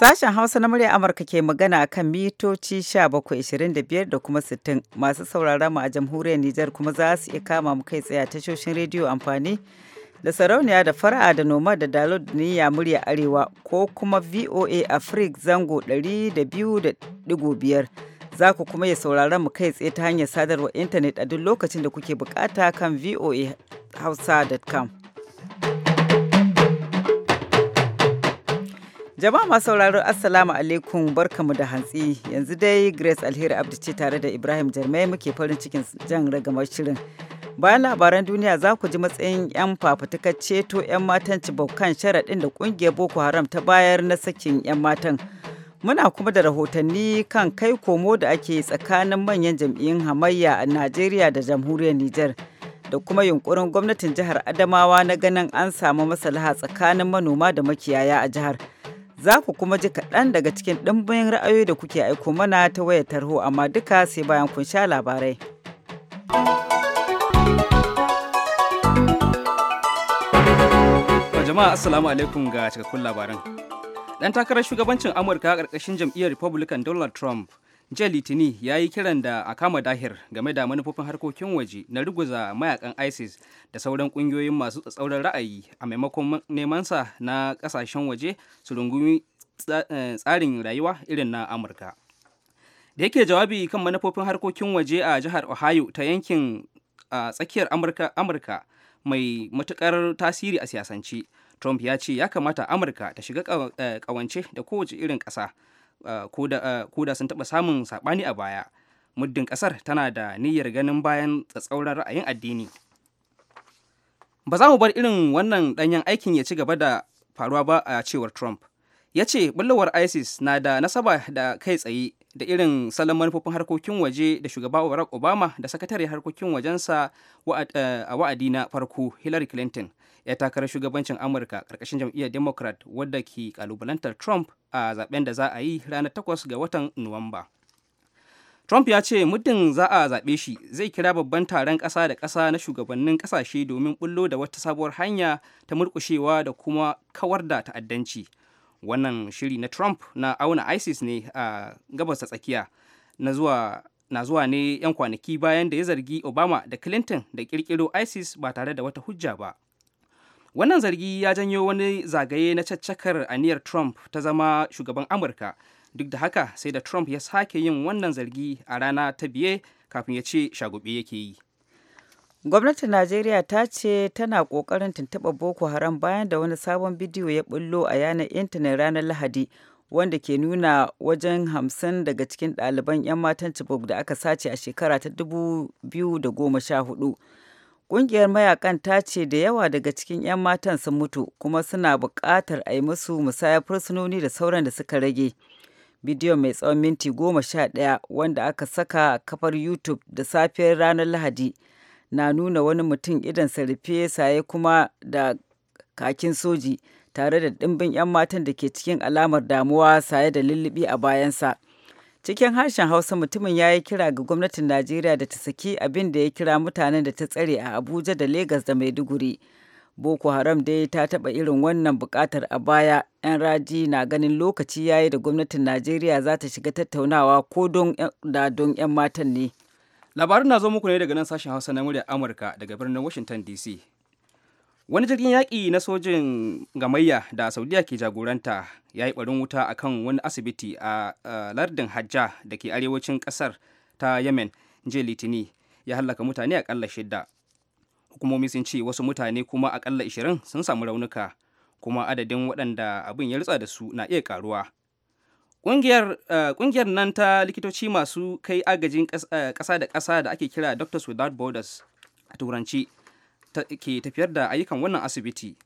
Sashen Hausa na murya Amurka ke magana a kan mitoci 1725 da kuma 60 masu saurara mu a jamhuriyar Nijar kuma za su iya kama mu kai tsaye a tashoshin rediyo amfani da sarauniya da fara'a da noma da dalod niya murya arewa ko kuma VOA Africa zango 200.5 za ku kuma ya saurara mu kai tsaye ta hanyar sadarwar intanet a duk lokacin da kuke bukata kan voahausa.com. Jama'a masu sauraro Assalamu alaikum barkamu da hantsi yanzu dai Grace Alheri Abdi ce tare da Ibrahim Jarmai muke farin cikin jan ragamar shirin. Bayan labaran duniya za ku ji matsayin 'yan fafutukar ceto 'yan matan kan sharaɗin da ƙungiyar Boko Haram ta bayar na sakin 'yan matan. Muna kuma da rahotanni kan kai komo da ake tsakanin manyan jam'iyyun hamayya a Najeriya da jamhuriyar Nijar. da kuma yunkurin gwamnatin jihar Adamawa na ganin an samu maslaha tsakanin manoma da makiyaya a jihar. za ku kuma ji kaɗan daga cikin ɗimbin ra'ayoyi da kuke aiko mana ta wayar tarho amma duka sai bayan kun sha labarai. jama'a assalamu alaikum ga cikakkun labaran. Ɗan takarar shugabancin Amurka a ƙarƙashin jam'iyyar Republican Donald Trump jiya litini ya yi kiran da a kama dahir game da manufofin harkokin waje na ruguza mayakan isis da sauran kungiyoyin masu tsatsauran ra'ayi a maimakon neman nemansa na kasashen waje su rungumi eh, tsarin rayuwa irin na amurka da yake jawabi kan manufofin harkokin waje a jihar ohio ta yankin a tsakiyar amurka mai matukar tasiri a siyasance trump ya ce ya kamata amurka ta shiga kawance eh, da kowace irin ƙasa ko da sun taɓa samun saɓani a baya muddin ƙasar tana da niyyar ganin bayan tsatsauran ra'ayin addini ba za mu bar irin wannan ɗanyen aikin ya ci gaba da faruwa ba a cewar trump ya ce bullowar isis na da nasaba da kai tsaye da irin salon manufofin harkokin waje da shugaba barack obama da sakatare harkokin wajensa a wa'adi na farko hillary clinton ya takarar shugabancin amurka karkashin jam'iyyar democrat wadda ke kalubalantar trump a zaben da za a yi ranar 8 ga watan nuwamba trump ya ce muddin za a zaɓe shi zai kira babban taron ƙasa da ƙasa na shugabannin ƙasashe domin bullo da wata sabuwar hanya ta murƙushewa da kuma kawar da ta'addanci wannan shiri na trump na auna isis ne a gabas tsakiya na zuwa na zuwa ne 'yan kwanaki bayan da ya zargi obama da clinton da ƙirƙiro isis ba tare da wata hujja ba wannan zargi ya janyo wani zagaye na caccakar aniyar trump ta zama shugaban amurka duk da haka sai da trump ya sake yin wannan zargi a rana ta biye kafin ya ce shagube yake yi gwamnatin najeriya ta ce tana kokarin tuntuɓa boko haram bayan da wani sabon bidiyo ya bullo a yanar intanet ranar lahadi wanda ke nuna wajen hamsin daga cikin ɗaliban 'yan matan cibok da aka sace a shekara ta 2014 Ƙungiyar mayakan ta ce da yawa daga cikin 'yan matan sun mutu kuma suna buƙatar a yi musu musayar fursunoni da sauran da suka rage. Bidiyo mai tsawon minti goma sha ɗaya wanda aka saka a kafar YouTube da safiyar ranar Lahadi na nuna wani mutum idan rufe saye kuma da kakin soji tare da ɗimbin 'yan matan da ke cikin alamar damuwa saye da lullubi a bayansa. cikin harshen hausa mutumin ya yi kira ga gwamnatin najeriya da ta saki abin da ya kira mutanen da ta tsare a abuja da lagos da maiduguri boko haram dai ta taba irin wannan bukatar a baya 'yan raji na ganin lokaci ya yi da gwamnatin najeriya za ta shiga tattaunawa ko da don 'yan matan ne labarin na zo muku ne daga nan sashen hausa na murya amurka daga birnin washington dc wani jirgin yaƙi na sojin gamayya da saudiya ke jagoranta ya yi ɓarin wuta a kan wani asibiti a lardin hajja da ke arewacin ƙasar ta yemen jiya litini ya hallaka mutane akalla shidda hukumomi sun ce wasu mutane kuma aƙalla 20 sun samu raunuka kuma adadin waɗanda abin ya rutsa da su na iya karuwa ƙungiyar nan ta likitoci masu kai agajin ƙasa da ƙasa da ake kira doctors without borders a turanci ke tafiyar da ayyukan wannan asibiti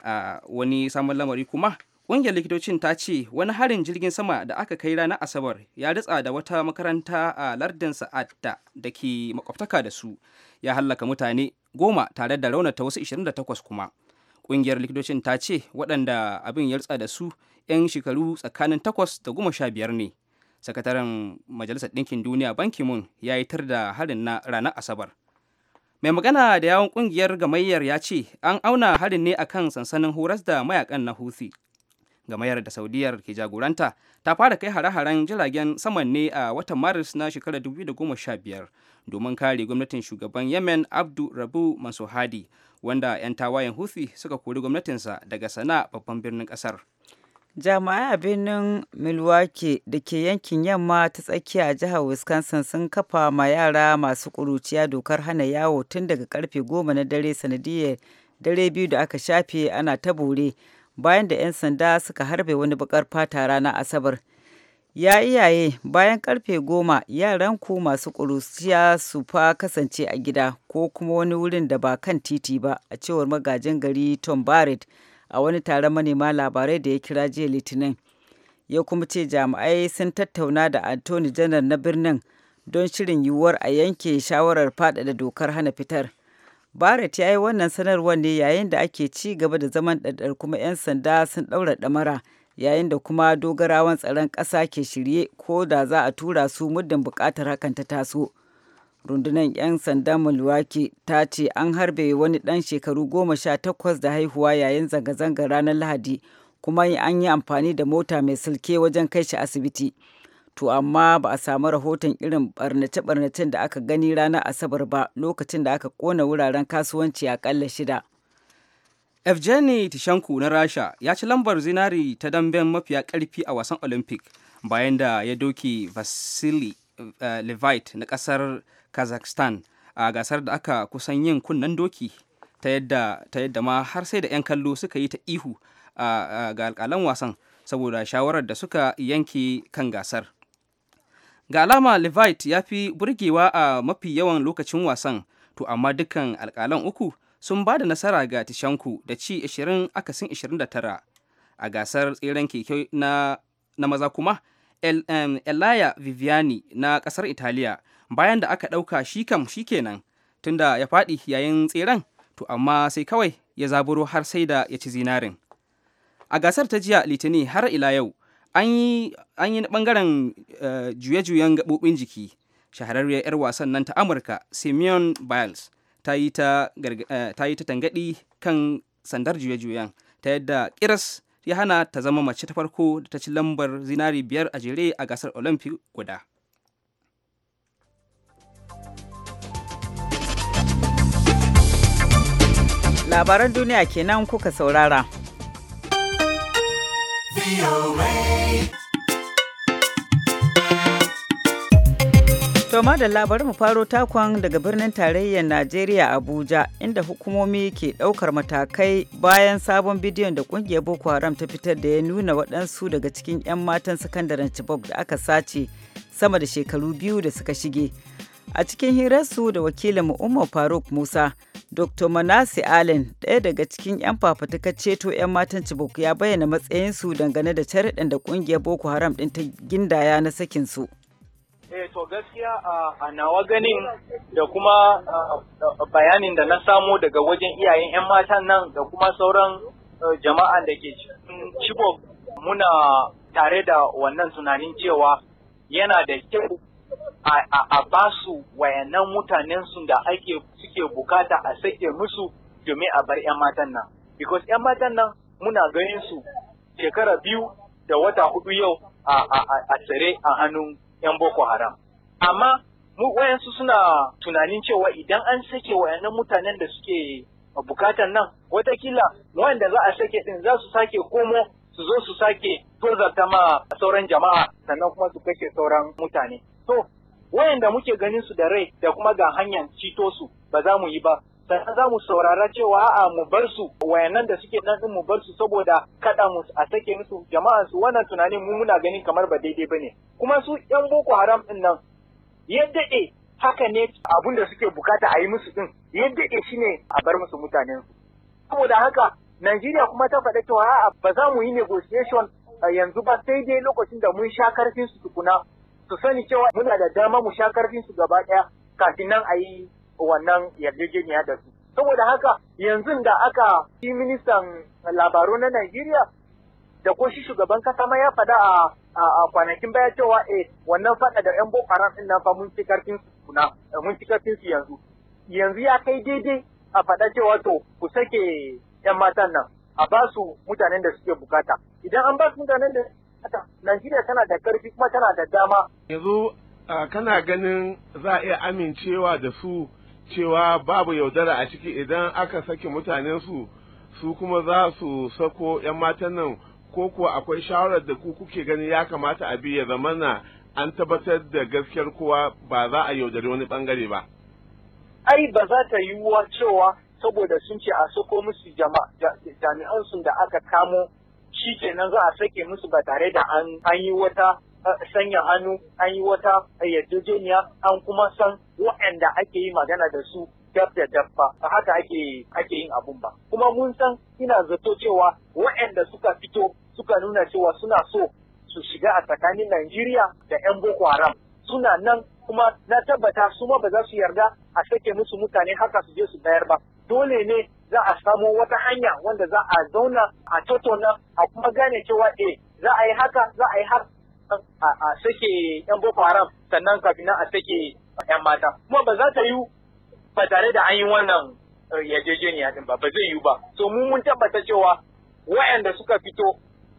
a wani samun lamari kuma ƙungiyar likitocin ta ce wani harin jirgin sama da aka kai ranar asabar ya ritsa da wata makaranta a lardin sa'ad da ke makwabtaka da su ya hallaka mutane goma tare da raunata wasu 28 kuma ƙungiyar likitocin ta ce waɗanda abin ya ritsa da su 'yan shekaru tsakanin 8 da 15 ne sakataren majalisar ɗinkin duniya ban ya yi tar da harin na ranar asabar mai magana da yawon kungiyar gamayyar ya ce an auna harin ne akan sansanin horas da mayakan na houthi gamayyar da saudiyar ke jagoranta ta fara kai hare-haren jiragen saman ne a watan maris na shekarar 2015 domin kare gwamnatin shugaban yemen abdu rabu mansur wanda 'yan tawayen houthi suka kori gwamnatinsa daga sana'a babban birnin kasar jami'ai a birnin milwaukee da ke yankin yamma ta tsakiya a jihar wisconsin sun kafa ma yara masu ƙuruciya dokar hana yawo tun daga karfe goma na dare sanadiyar dare biyu da aka shafe ana ta bore bayan da 'yan sanda suka harbe wani bakar fata rana asabar ya iyaye bayan karfe goma yaran ku masu ƙuruciya su fa kasance a gida ko kuma wani wurin da ba kan titi ba a cewar magajin gari tom barrett a wani taron manema labarai da ya kira jiya litinin ya kuma ce jami'ai sun tattauna da antoni janar na birnin don shirin yiwuwar a yanke shawarar faɗaɗa dokar hana fitar barrett ya yi wannan sanarwar ne yayin da ake ci gaba da zaman ɗaɗɗar kuma 'yan sanda sun ɗaura ɗamara yayin da kuma dogarawan tsaron ƙasa ke shirye ko da za a tura su muddin buƙatar hakan ta taso rundunar 'yan sanda mulwaki ta ce an harbe wani ɗan shekaru goma sha takwas da haihuwa yayin zanga-zangar ranar lahadi kuma an yi amfani da mota mai silke wajen kai shi asibiti to amma ba a samu rahoton irin barnace-barnacen da aka gani ranar asabar ba lokacin da aka kona wuraren kasuwanci akalla shida evgeny tishanku na rasha ya ci lambar zinari ta damben mafiya karfi a wasan olympic bayan da ya doke vasily eh, levite na kasar kazakhstan a gasar da aka kusan yin kunnen doki ta yadda ma har sai da 'yan kallo suka yi ta ihu ga alkalan wasan saboda shawarar da suka yanke kan gasar ga alama levite ya fi burgewa a mafi yawan lokacin wasan to amma dukkan alkalan uku sun ba da nasara ga tishanku da ci 20 akasin 29 a gasar tseren keke na, maza kuma El, elaya viviani na kasar italiya bayan da aka ɗauka shi kam shi kenan tunda ya faɗi yayin tseren to amma sai kawai ya zaburo har sai da ya ci zinarin a gasar ta jiya litinin har ila yau an yi ɓangaren eh, juye-juyen gaɓoɓin jiki shahararriyar 'yar wasan nan ta amurka simeon biles ta yi ta eh, tangaɗi kan sandar juye-juyen ta yadda kiras ya hana ta zama mace ta farko da ta ci lambar zinari biyar a jere a gasar olympic guda labaran duniya kenan kuka saurara. To da labarin mu faro takon daga birnin tarayyar Najeriya Abuja inda hukumomi ke ɗaukar matakai bayan sabon bidiyon da kungiyar Boko Haram ta fitar da ya nuna waɗansu daga cikin 'yan matan sakandaren Chibok da aka sace sama da shekaru biyu da suka shige. a cikin hirarsu da wakilin umar faruk musa dr manasi allen ɗaya daga cikin 'yan fafutuka ceto 'yan matan Chibok ya bayyana matsayinsu dangane da cariɗin da ƙungiyar boko haram ɗin ta gindaya na sakinsu eh to gaskiya a nawa ganin da kuma bayanin da na samu daga wajen iyayen 'yan matan nan da kuma sauran eh, jama'a da ke Chibok, muna tare da wannan tunanin cewa yana da kyau a ba su wayannan mutanen su da ake suke bukata a sake musu domin a bar 'yan matan nan because 'yan matan nan muna ganin su shekara biyu da wata hudu yau a tsare a hannun 'yan boko haram amma mu wayansu suna tunanin cewa idan an sake wayannan mutanen da suke bukatan nan watakila wanda za a sake din za su sake komo su zo su sake tozarta ma sauran jama'a sannan kuma su kashe sauran mutane to wayanda muke ganin su da rai da kuma ga hanyar cito su ba za mu yi ba sannan za mu saurara cewa a'a mu bar su wayannan da suke nan mu bar su saboda kada mu a sake musu jama'a su wannan tunanin mu muna ganin kamar ba daidai bane kuma su yan boko haram din nan ya daɗe haka ne abun da suke bukata a yi musu din ya daɗe shine a bar musu mutanen saboda haka Najeriya kuma ta faɗa cewa a'a ba za mu yi negotiation yanzu ba sai dai lokacin da mun sha karfin su tukuna su sani cewa muna da dama mu sha karfin su gaba ɗaya kafin nan a yi wannan yarjejeniya da su. Saboda haka yanzu da aka yi ministan labaru na Najeriya da ko shi shugaban kasa ma ya faɗa a kwanakin baya cewa eh wannan faɗa da yan boko haram ɗin nan fa mun ci karfin su kuna eh, mun ci karfin su yanzu yanzu ya kai daidai a faɗa cewa to ku sake yan matan nan a ba su mutanen da suke bukata idan an ba su mutanen da Najeriya tana da ƙarfi kuma tana da dama. Yanzu kana ganin za a iya amincewa da su cewa babu yaudara a ciki idan aka saki mutanen su su kuma za su sako 'yan matan nan ko kuwa akwai shawarar da ku kuke gani ya kamata a bi ya na an tabbatar da gaskiyar kowa ba za a yaudari wani bangare ba. Ai ba za ta yiwuwa cewa saboda sun ce a sako musu jami'ansu da aka kamo shi kenan za a sake musu ba tare da an yi wata eh, sanya hannu an yi wata yarjejeniya an kuma san waɗanda ake yi magana da su daf da daf ba haka ake ake yin abun ba kuma mun san ina zato cewa waɗanda suka fito suka nuna cewa suna so su shiga a tsakanin Najeriya da 'yan Boko Haram suna nan kuma na tabbata su ma ba za su yarda a sake musu mutane haka su je su bayar ba dole ne za a samo wata hanya wanda za a zauna a tattauna a kuma gane cewa eh za a yi haka za a yi har. a sake yan boko haram sannan kafin a sake yan mata kuma ba za ta yi ba tare da an yi wannan eh, yarjejeniya din ba ba zai yi ba so mu mun tabbata cewa wayanda suka fito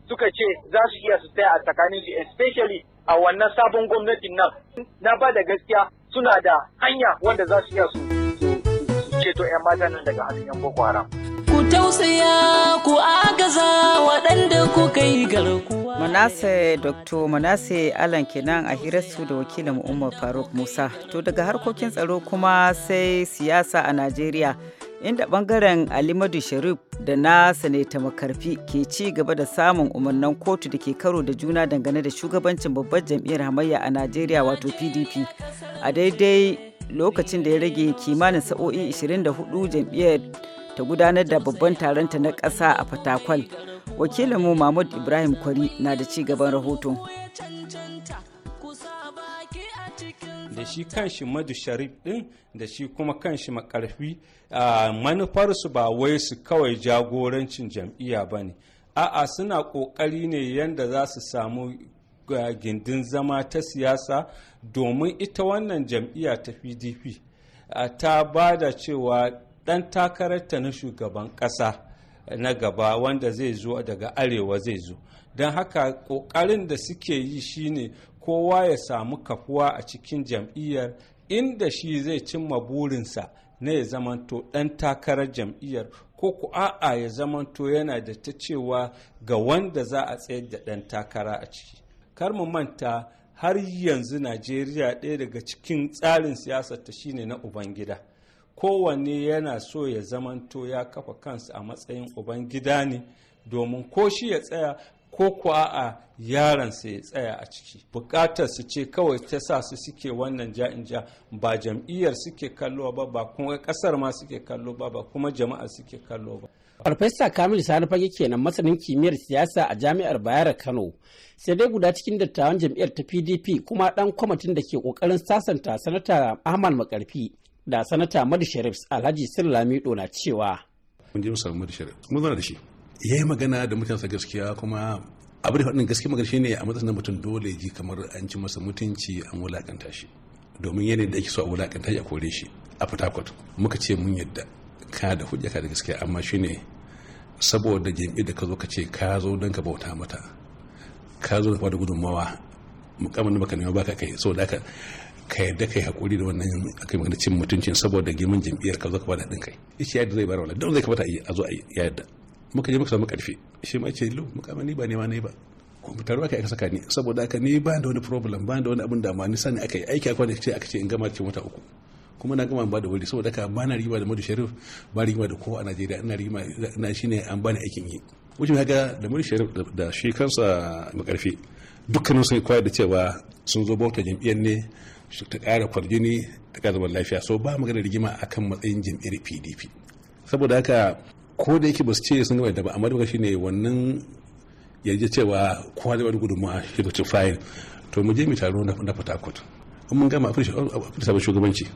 suka ce za su iya su tsaya a tsakanin su especially a wannan sabon gwamnatin nan na ba da gaskiya suna da hanya wanda za su iya su ceto 'yan mata nan daga hannun boko haram. Ku tausaya ku agaza waɗanda ku kai garkuwa. Manase Dr. Manase Alan kenan a hirarsu da wakilin Umar Faruk Musa. To daga harkokin tsaro kuma sai siyasa a Najeriya. inda bangaren alimadu sharif da na sanaita makarfi ke ci gaba da samun umarnin kotu da ke karo da juna dangane da shugabancin babbar jam'iyyar hamayya a najeriya wato pdp a daidai lokacin da ya rage kimanin sa'o'i 24 jam'iyyar ta gudanar da babban taronta na ƙasa a fatakwal wakilinmu mahmud ibrahim kwari na da ci gaban rahoto. da shi kanshi madu sharif din da shi kuma kanshi makarfi manufarsu ba wai su kawai jagorancin jam'iyya ba ne a'a suna ƙoƙari ne yadda za su samu gindin zama ta siyasa domin ita wannan jam'iyya ta pdp ta ba da cewa ɗan takararta na shugaban ƙasa eh, na gaba wanda zai zo daga arewa zai zo don haka ƙoƙarin da suke yi shine kowa ya samu kafuwa a cikin jam'iyyar inda shi zai cimma burinsa na ya zamanto ɗan takarar jam'iyyar ko ku a'a ya zamanto yana da ta cewa ga wanda za a tsayar da ɗan takara a ciki kar mu manta har yanzu najeriya ɗaya daga cikin tsarin siyasar ta shine na ubangida kowanne yana so ya zamanto ya kafa kansa a matsayin ubangida ne domin ko shi ya tsaya ko kuwa a yaransa ya tsaya a ciki bukatar su ce kawai ta sa su suke wannan ja'in ja ba jam'iyyar suke kallo ba ba kuma kasar ma suke kallo ba ba kuma jama'a suke kallo ba Farfesa Kamil Sani Fage kenan masanin kimiyyar siyasa a Jami'ar Bayero Kano. Sai dai guda cikin dattawan jam'iyyar ta PDP kuma dan kwamitin da ke kokarin sasanta sanata Ahmad Makarfi da sanata Madu Sharif Alhaji Sir Lamido na cewa. Mun je mu samu Madu Sharif, mun zana da shi. Ya yi magana da mutansa gaskiya kuma abu da faɗin gaskiya magana shi ne a matsayin mutum dole ji kamar an ci masa mutunci an wulakanta shi. Domin yanayin da ake so a wulakanta shi a kore shi a Fatakwat muka ce mun yadda ka da hujja ka da gaskiya amma shine saboda jami'i da ka zo ka ce ka zo don ka bauta mata ka zo da kwada gudunmawa mukamman da baka nema baka kai saboda haka ka yadda kai hakuri da wannan akai magana cin mutuncin saboda girman jam'iyyar ka zo ka bada haɗin kai ishi yadda zai bar wala don zai yi a zo a yadda muka je muka samu karfi shi ma ce lu mukamman ni ba nema ne ba kwamfutar ba ka aka saka ni saboda haka ni ba da wani problem ba da wani abin da ma ni sani aka yi aiki akwai da ce aka ce in gama cikin wata uku kuma na gama ba da wuri saboda ka ba na rigima da madu sharif ba rigima da kowa a najeriya ina rigima na shine an bani aikin yi wuce mai haka da madu sharif da shi kansa makarfi dukkanin sun kwaya da cewa sun zo bauta jam'iyyar ne ta kara kwarjini ta kara zaman lafiya so ba magana rigima a kan matsayin jam'iyyar pdp saboda haka ko da yake ba su ce sun gama da ba amma duka shine wannan yarje cewa kowa da wani gudunmawa shi da fayil to mu je mu taro na fatakot in mun gama a fita shugabanci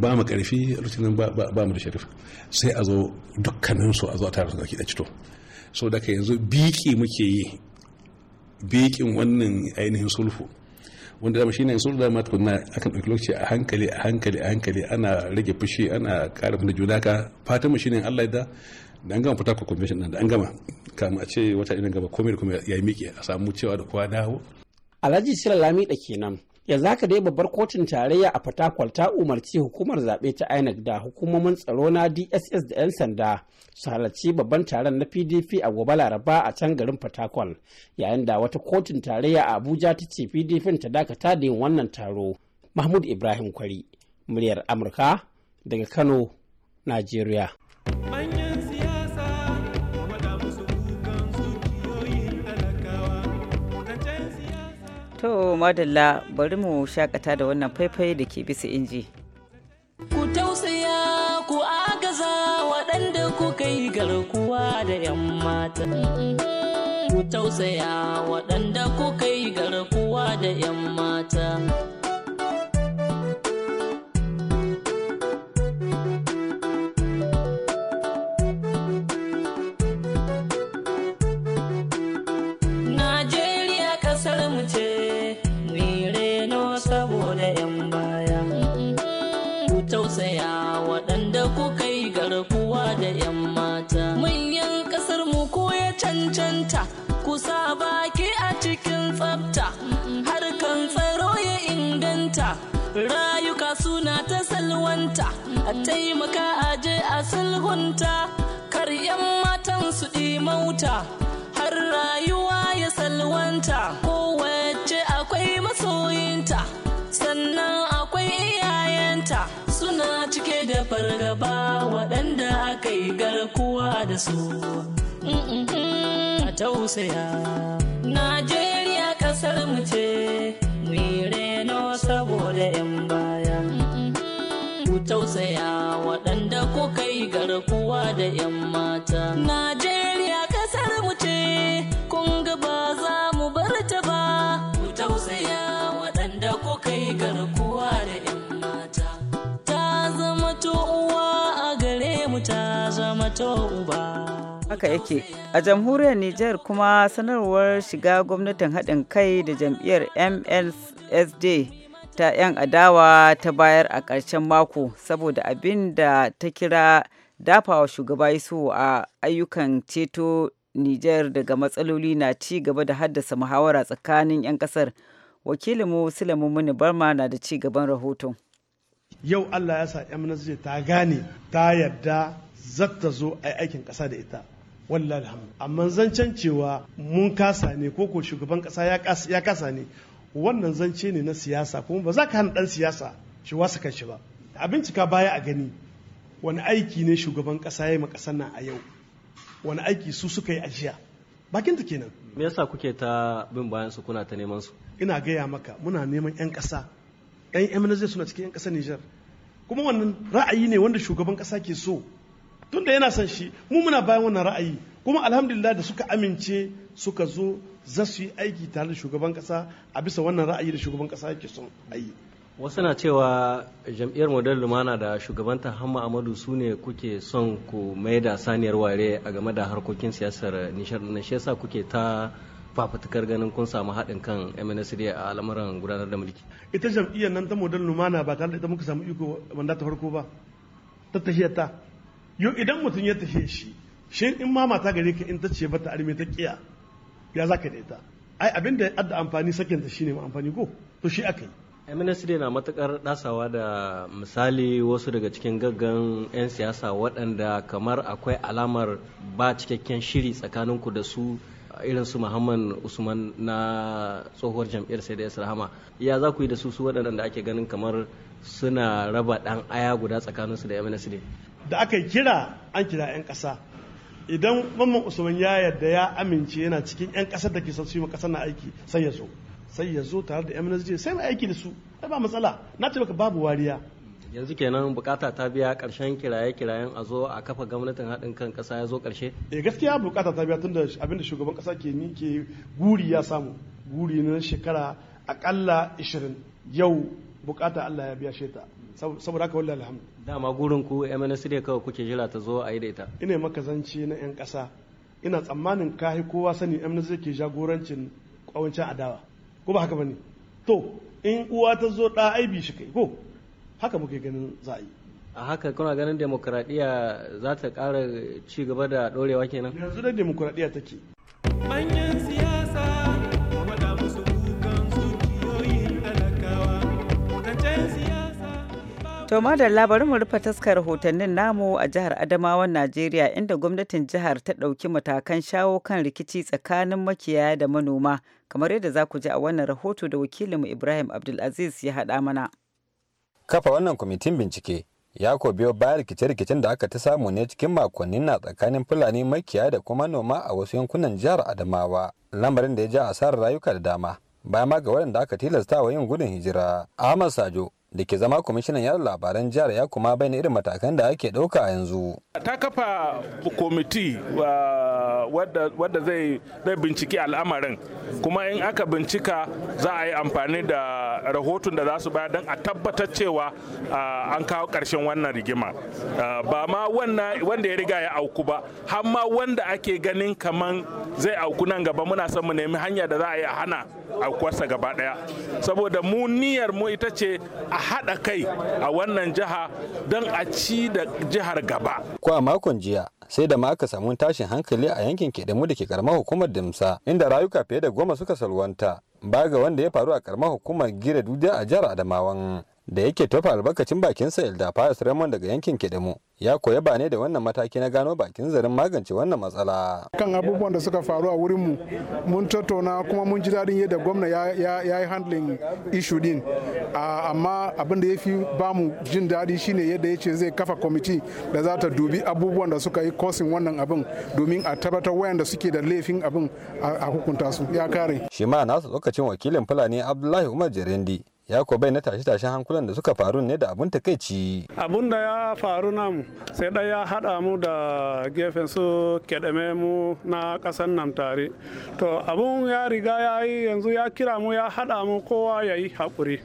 ba mu karfi lokacin nan ba mu da sharif sai a zo dukkanin su a zo a tare da gaki da cito so da ka yanzu biki muke yi bikin wannan ainihin sulhu wanda dama shine sulhu dama a akan ɗauki lokaci a hankali a hankali a hankali ana rage fushi ana ƙara da juna ka fatan mu shine Allah da da an gama fita ko convention nan da an gama kama a ce wata irin gaba komai da komai ya yi miƙe a samu cewa da kowa dawo Alhaji Sira Lami da kenan yanzu haka dai babbar kotun tarayya a fatakwal ta umarci hukumar zaɓe ta inec da hukumomin tsaro na dss da 'yan sanda su halarci babban taron na pdp a gobe laraba a can garin fatakwal yayin da wata kotun tarayya a abuja ta ce pdp ta dakata da yin wannan taro mahmud ibrahim kwari muryar amurka daga kano najeriya To madalla bari mu shakata da wannan faifai da ke bisa inji. Ku tausaya ku agaza waɗanda ku kai garkuwa da 'yan mata. Ku tausaya waɗanda ku kai garkuwa da 'yan mata. sulhunta kar matan su mauta har rayuwa ya salwanta kowace akwai masoyinta sannan akwai iyayenta suna cike da fargaba waɗanda aka yi garkuwa da su a tausaya najeriya ƙasar mu ce mu saboda 'yan ilimi garkuwa da 'yan mata. Najeriya kasar mu ce, kun ga ba za mu bar ta ba. Ku tausaya waɗanda kuka yi garkuwa da 'yan mata. Ta zama to uwa a gare mu ta zama to uba. Haka yake, a jamhuriyar Nijar kuma sanarwar shiga gwamnatin haɗin kai da jam'iyyar mnsd. ta 'yan adawa ta bayar a ƙarshen mako saboda abin da ta kira dafawa shugaba Yusufu a ayyukan ceto niger daga matsaloli na ci gaba da haddasa muhawara tsakanin 'yan kasar Wakilinmu silamu Muni Barma na da ci gaban rahoton. Yau Allah ya sa 'yan ta gane ta yarda zata zo a aikin ƙasa da ita. wallahi amma zancen cewa mun kasa ne ko ko shugaban kasa ya kasa ne wannan zance ne na siyasa kuma ba za ka hana ɗan siyasa shi wasa kanshi ba a bincika baya a gani wani aiki ne shugaban ƙasa ya yi ƙasar nan a yau wani aiki su suka yi ajiya bakin ta kenan me yasa kuke ta bin bayan su kuna ta neman su ina gaya maka muna neman yan ƙasa ɗan MNZ suna cikin yan ƙasar Nijar kuma wannan ra'ayi ne wanda shugaban ƙasa ke so tunda yana son shi mu muna bayan wannan ra'ayi kuma alhamdulillah da suka amince suka zo za su yi aiki tare da shugaban kasa a bisa wannan ra'ayi da shugaban kasa yake son ayi wasu na cewa jam'iyyar model lumana da shugabanta hamma amadu su ne kuke son ku mai da saniyar ware a game da harkokin siyasar nishar na shi kuke ta fafatukar ganin kun samu haɗin kan MNSD a al'amuran gudanar da mulki ita jam'iyyar nan ta model lumana ba tare da ita muka samu iko wanda ta farko ba ta ta yau idan mutum ya tafiye shi shi in ma mata gare ka in ta ce bata arme ta kiya ya za ka da ita ai abin da adda amfani sakin ta shine ma amfani ko to shi aka yi MNSD na matakar dasawa da misali wasu daga cikin gaggan 'yan siyasa waɗanda kamar akwai alamar ba cikakken shiri tsakaninku da su irin su Muhammad Usman na tsohuwar jam'iyyar sai da ya sarhama ya za ku yi da su su waɗanda ake ganin kamar suna raba ɗan aya guda tsakaninsu da MNSD da aka kira an kira 'yan ƙasa idan mamman usman ya yarda ya amince yana cikin yan kasar da ke son su yi kasar na aiki sai ya zo sai ya zo tare da MNSJ sai na aiki da su ba matsala na ce maka babu wariya yanzu kenan bukata ta biya karshen kiraye kirayen a zo a kafa gwamnatin haɗin kan ƙasa ya zo ƙarshe eh gaskiya bukata ta biya tun da abinda shugaban ƙasa ke ni ke guri ya samu guri na shekara akalla 20 yau bukata Allah ya biya sheta saboda haka wallahi alhamdu dama gurin ku ya dai kawai kuke jira ta zo a yi da ita ina makazanci na yan ƙasa ina tsammanin kahi kowa sani MNS ke jagorancin kwawancin adawa ko ba haka bane to in uwa ta zo da aibi shi kai ko haka muke ganin za a yi a haka kuna ganin demokradiyya za ta ƙara ci gaba da ɗorewa kenan yanzu da demokradiyya take manyan To da labarin mu rufe taskar rahotannin namu a jihar Adamawan Najeriya inda gwamnatin jihar ta ɗauki matakan shawo kan rikici tsakanin makiyaya da manoma kamar yadda za ku ji a wannan rahoto da wakilinmu Ibrahim Abdulaziz ya haɗa mana. Kafa wannan kwamitin bincike ya ko biyo bayan rikice-rikicen da aka ta samu ne cikin makonnin na tsakanin Fulani makiyaya da kuma noma a wasu yankunan jihar Adamawa lamarin da ya ja asarar rayuka da dama. bayan ma ga waɗanda aka tilasta wa yin gudun hijira. Ahmad Sajo da ke zama kwamishinan yada labaran jihar ya kuma bayyana irin matakan da ake ɗauka yanzu. ta kafa kwamiti ah, wadda zai binciki al'amarin kuma in aka bincika za a yi amfani da rahoton da za su bayar don a tabbatar cewa ah, an kawo karshen wannan rigima ah, ba ma wanda ya riga ya auku ba har ma wanda ake ganin kaman zai auku nan gaba muna son mu nemi hanya da za a yi a hana aukuwarsa gaba daya saboda mu niyyar mu ita ce a haɗa kai a wannan jiha don a ci da jihar gaba ko a makon jiya sai da ma aka samu tashin hankali a yankin kedemu da ke karamar hukumar dimsa inda rayuka fiye da goma suka salwanta ba ga wanda ya faru a karamar hukumar gira dudiya a jihar adamawan da yake tofa albarkacin bakin sa Elda Faris Raymond daga yankin Kedemo ya koya ba da wannan mataki na gano bakin zarin magance wannan matsala. Kan abubuwan da suka faru a wurinmu mun tattauna kuma mun ji daɗin yadda gwamna ya yi handling issue din. Amma abin da ya fi bamu jin daɗi shine yadda ya ce zai kafa kwamiti da za ta dubi abubuwan da suka yi kosin wannan abin domin a tabbatar wayanda suke da laifin abin a hukunta su ya kare. Shi ma nasu lokacin wakilin Fulani Abdullahi Umar Jerendi ya ko bai na tashe-tashen hankulan da suka faru ne da abun takaici. abun da ya faru nan sai ɗaya ya haɗa mu da gefen su keɗame mu na ƙasar nan tare to abun ya riga ya yi yanzu ya kira mu ya haɗa mu kowa ya yi haƙuri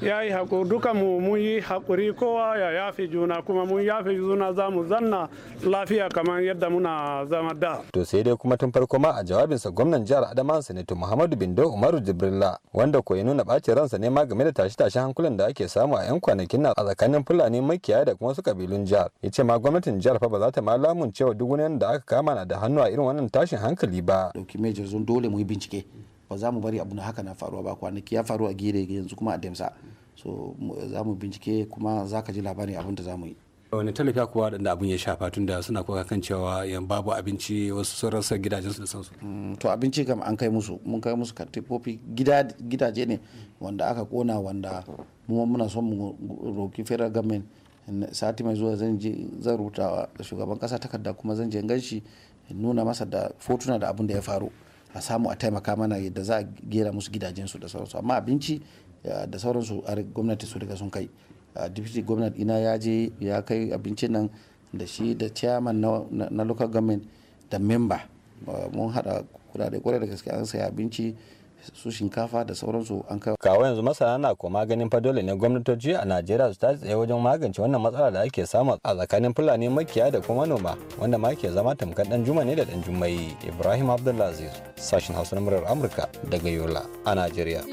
ya yi haƙuri duka mu mun yi haƙuri kowa ya yafi juna kuma mun yafi juna za mu zanna lafiya kamar yadda muna zama da. to sai dai kuma tun farko ma a jawabinsa gwamnan jihar adamawa sanato muhammadu bindo umaru jibrilla wanda ko nuna ɓacin ransa ne ma game da tashe-tashen hankulan da ake samu a 'yan kwanakin nan a tsakanin fulani makiyaya da kuma wasu kabilun jihar ya ce ma gwamnatin jihar fa ba za ta ma lamun cewa duk wani da aka kama na da hannu a irin wannan tashin hankali ba dauki mai jirzun dole mu yi bincike ba za mu bari abu na haka na faruwa ba kwanaki ya faru a gire yanzu kuma a demsa so za mu bincike kuma za ka ji labarin abin da za mu yi wani tallafi kuwa da abin ya shafa tunda suna kuka kan cewa yan babu abinci wasu sun rasa gidajen su da sansu mm, to abinci kam an kai musu mun kai musu katifofi gidaje ne wanda aka kona wanda mu muna son mu roki federal government sati mai zuwa zan je zan shugaban kasa takarda kuma zan je ganshi nuna masa da fotuna da abin da ya faru a samu a taimaka mana yadda za a gera musu gidajensu da sauransu amma abinci eh, da sauransu a gwamnati su riga sun kai deputy governor ina ya je ya kai abincin nan da shi da chairman na local government da member mun hada kudade kwarai da gaske an sai abinci su shinkafa da sauransu an kai kawo yanzu masana na koma ganin fa dole ne gwamnatoci a najeriya su tashi wajen magance wannan matsala da ake samu a tsakanin fulani makiya da kuma noma wanda ma ke zama tamkar dan juma ne da dan jummai ibrahim Aziz sashin hausa na murar amurka daga yola a najeriya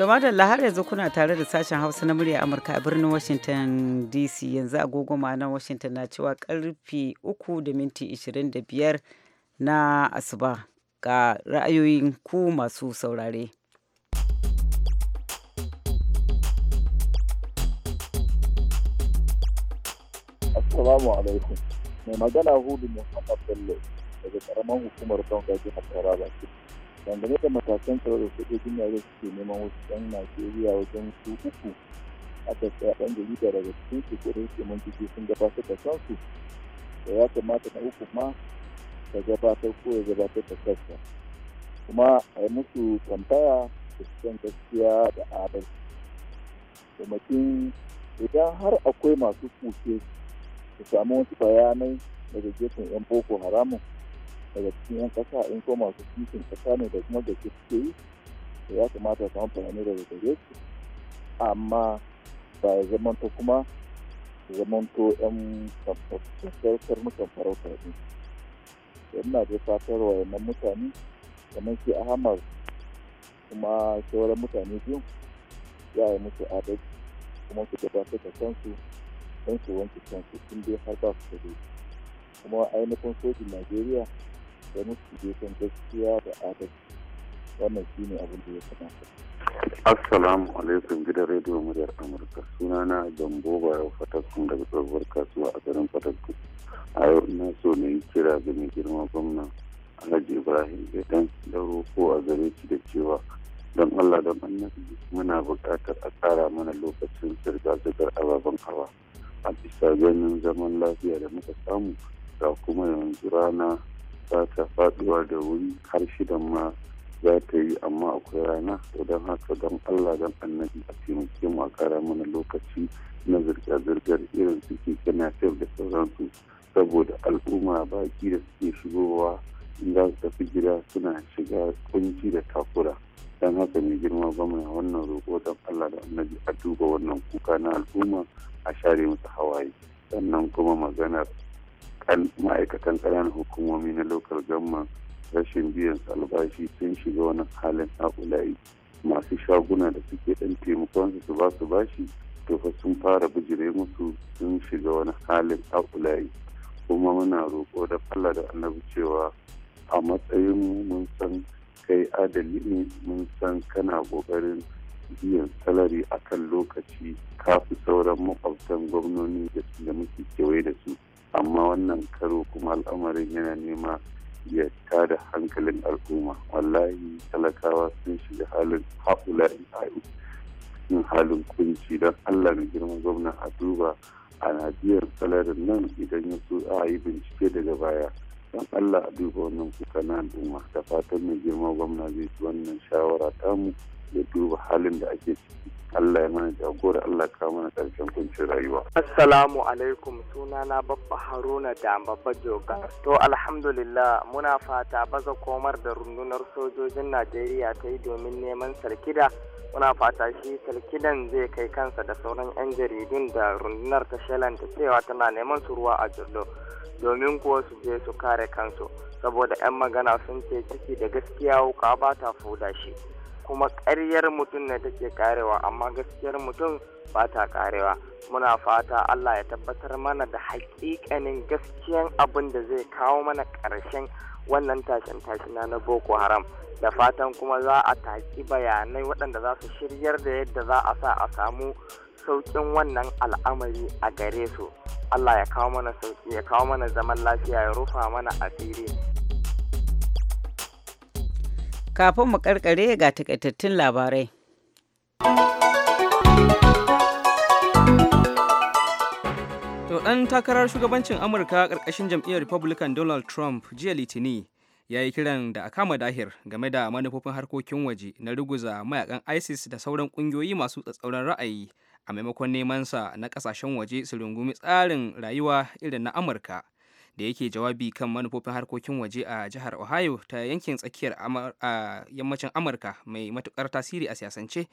To madalla har yanzu kuna tare da sashen Hausa na murya Amurka a birnin Washington DC yanzu agogo na Washington na cewa karfi 3 da minti 25 na asuba ga ra'ayoyin ku masu saurare. Assalamu alaikum. Mai magana hudu Muhammad Bello daga karamar hukumar Donga jihar Taraba. dangane da matakan tsaro da sojojin najeriya suke neman wasu ɗan najeriya wajen su uku a tsaya ɗan jarida daga cikin su kudin mun sun gabatar da kansu da ya kamata na uku ma ta gabatar ko ya gabatar da kansa kuma a yi musu tambaya da cikin gaskiya da adalci domin idan har akwai masu kuke su samu wasu bayanai daga gefen yan boko haramun daga cikin 'yan kasa in ko masu cikin kasa ne da kuma da ke suke yi ya kamata su amfani daga gare su amma ba ya zamanto kuma zama zamanto 'yan karnukan farauta ne yana da fatar wayannan mutane kamar shi ahmad kuma sauran mutane biyu ya yi musu adalci kuma su gabatar da kansu don su wanke kansu sun dai har ba su kuma ainihin sojin najeriya da mutu gefen gaskiya da adalci wannan shi ne abin da ya kamata. Assalamu alaikum gidan rediyo muryar Amurka sunana Gambo Bayo Fatakun daga tsohuwar kasuwa a garin Fatakun A yau ina so na yi kira ga mai girma gwamna Alhaji Ibrahim Gaidan da roko a gare shi da cewa don Allah don annabi muna buƙatar a tsara mana lokacin zirga-zirgar ababen hawa. A bisa ganin zaman lafiya da muka samu ga kuma yanzu rana ƙasa ta faɗuwa da wuri har shida ma za ta yi amma akwai rana to don haka don allah don annabi a taimake mu a kara mana lokaci na zirga-zirgar irin su keke na da sauransu saboda al'umma baki da suke shigowa za su tafi gida suna shiga kunci da takura don haka mai girma gwamna wannan roƙo don allah da annabi a duba wannan kuka na al'umma a share musu hawaye sannan kuma maganar ma'aikatan ƙananan hukumomi na lokal gamman rashin biyan albashi sun shiga wani halin haƙulayi masu shaguna da suke ɗan taimakonsu su ba su bashi to fa sun fara bijire musu sun shiga wani halin haƙulayi kuma muna roƙo da Allah da annabi cewa a matsayin mun san kai adali ne mun san kana ƙoƙarin biyan salari akan lokaci kafi sauran makwabtan gwamnoni da muke kewaye da su amma wannan karo kuma al'amarin yana nema ya tada hankalin al'umma wallahi talakawa sun shiga halin haƙula in cikin halin kunci don allah na girma gwamna a duba a najiyar salarin nan idan ya so a yi bincike daga baya don allah a duba wannan kuka na al'umma da fatan mai girma gwamna zai ci wannan shawara tamu ya duba halin da ake ciki Allah ya mana jagora Allah ka mana ƙarshen kuncin rayuwa. Assalamu alaikum suna na babba Haruna da babba Joga. To alhamdulillah muna fata baza komar da rundunar sojojin Najeriya ta yi domin neman sarkida muna fata shi sarkidan zai kai kansa da sauran 'yan jaridun da rundunar ta shelanta cewa tana neman su ruwa a jirlo domin kuwa su je su kare kansu saboda 'yan magana sun ce ciki da gaskiya wuka ba ta fuda shi kuma ƙaryar mutum ne take karewa amma gaskiyar mutum ba ta karewa muna fata allah ya tabbatar mana da haƙiƙanin gaskiyan abin da zai kawo mana ƙarshen wannan tashin tashina na boko haram da fatan kuma za a taki bayanai waɗanda za su shiryar da yadda za a sa a samu sauƙin wannan al'amari a gare su allah ya kawo mana sauƙi ya kawo mana zaman lafiya ya rufa mana asiri Kafin mu karkare ga takaitattun labarai. To ɗan takarar shugabancin Amurka ƙarƙashin jam'iyyar Republican Donald Trump jiya Litini ya yi kiran da a kama dahir game da manufofin harkokin waje na ruguza mayakan ISIS da sauran ƙungiyoyi masu tsatsauran ra'ayi a maimakon neman sa na ƙasashen waje su rungumi tsarin rayuwa irin na Amurka. da yake jawabi kan manufofin harkokin waje a jihar ohio ta yankin tsakiyar yammacin amurka mai matukar tasiri a siyasance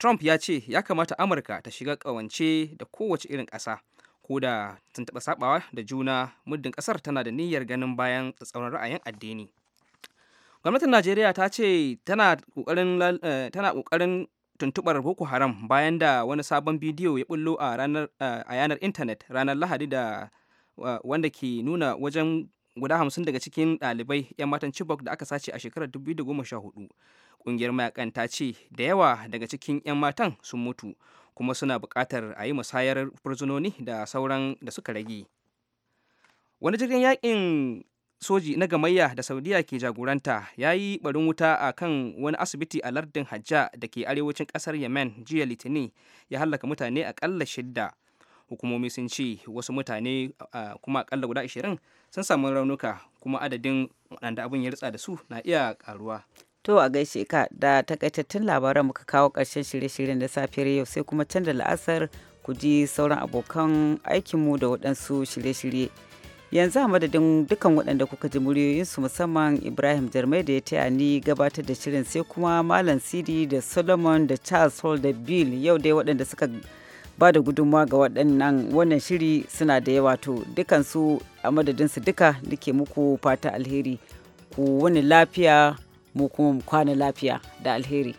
trump ya ce ya kamata amurka ta shiga kawance da kowace irin ƙasa ko da sun taɓa sabawa da juna muddin ƙasar tana da niyyar ganin bayan tsatsauran ra'ayin addini gwamnatin najeriya ta ce tana ƙoƙarin eh, tuntuɓar boko haram bayan da wani sabon bidiyo ya bullo eh, a yanar intanet ranar lahadi da wanda ke nuna wajen guda hamsin daga cikin ɗalibai 'yan matan Chibok da aka sace a shekarar 2014. Ƙungiyar mayakan ta ce da yawa daga cikin 'yan matan sun mutu kuma suna bukatar a yi musayar fursunoni da sauran da suka rage. Wani jirgin yakin soji na gamayya da Saudiya ke jagoranta ya yi barin wuta a kan wani asibiti a lardin Hajja da ke arewacin ƙasar Yemen jiya Litinin ya hallaka mutane aƙalla shidda. hukumomi sun ce wasu mutane kuma akalla guda 20 sun samu raunuka kuma adadin waɗanda abin ya ritsa da su na iya karuwa To a gaishe ka da takaitattun labaran muka kawo ƙarshen shirye-shiryen da safiyar yau sai kuma can da la'asar ku ji sauran abokan aikinmu da waɗansu shirye-shirye. Yanzu a madadin dukkan waɗanda kuka ji muryoyinsu musamman Ibrahim Jarmai da ya taya ni gabatar da shirin sai kuma Malam Sidi da Solomon da Charles Hall da Bill yau dai waɗanda suka ba da gudunmawa ga waɗannan wannan shiri suna da yawa to dukansu a madadinsu duka nake muku fata alheri ku wani lafiya mu kuma kwana lafiya da alheri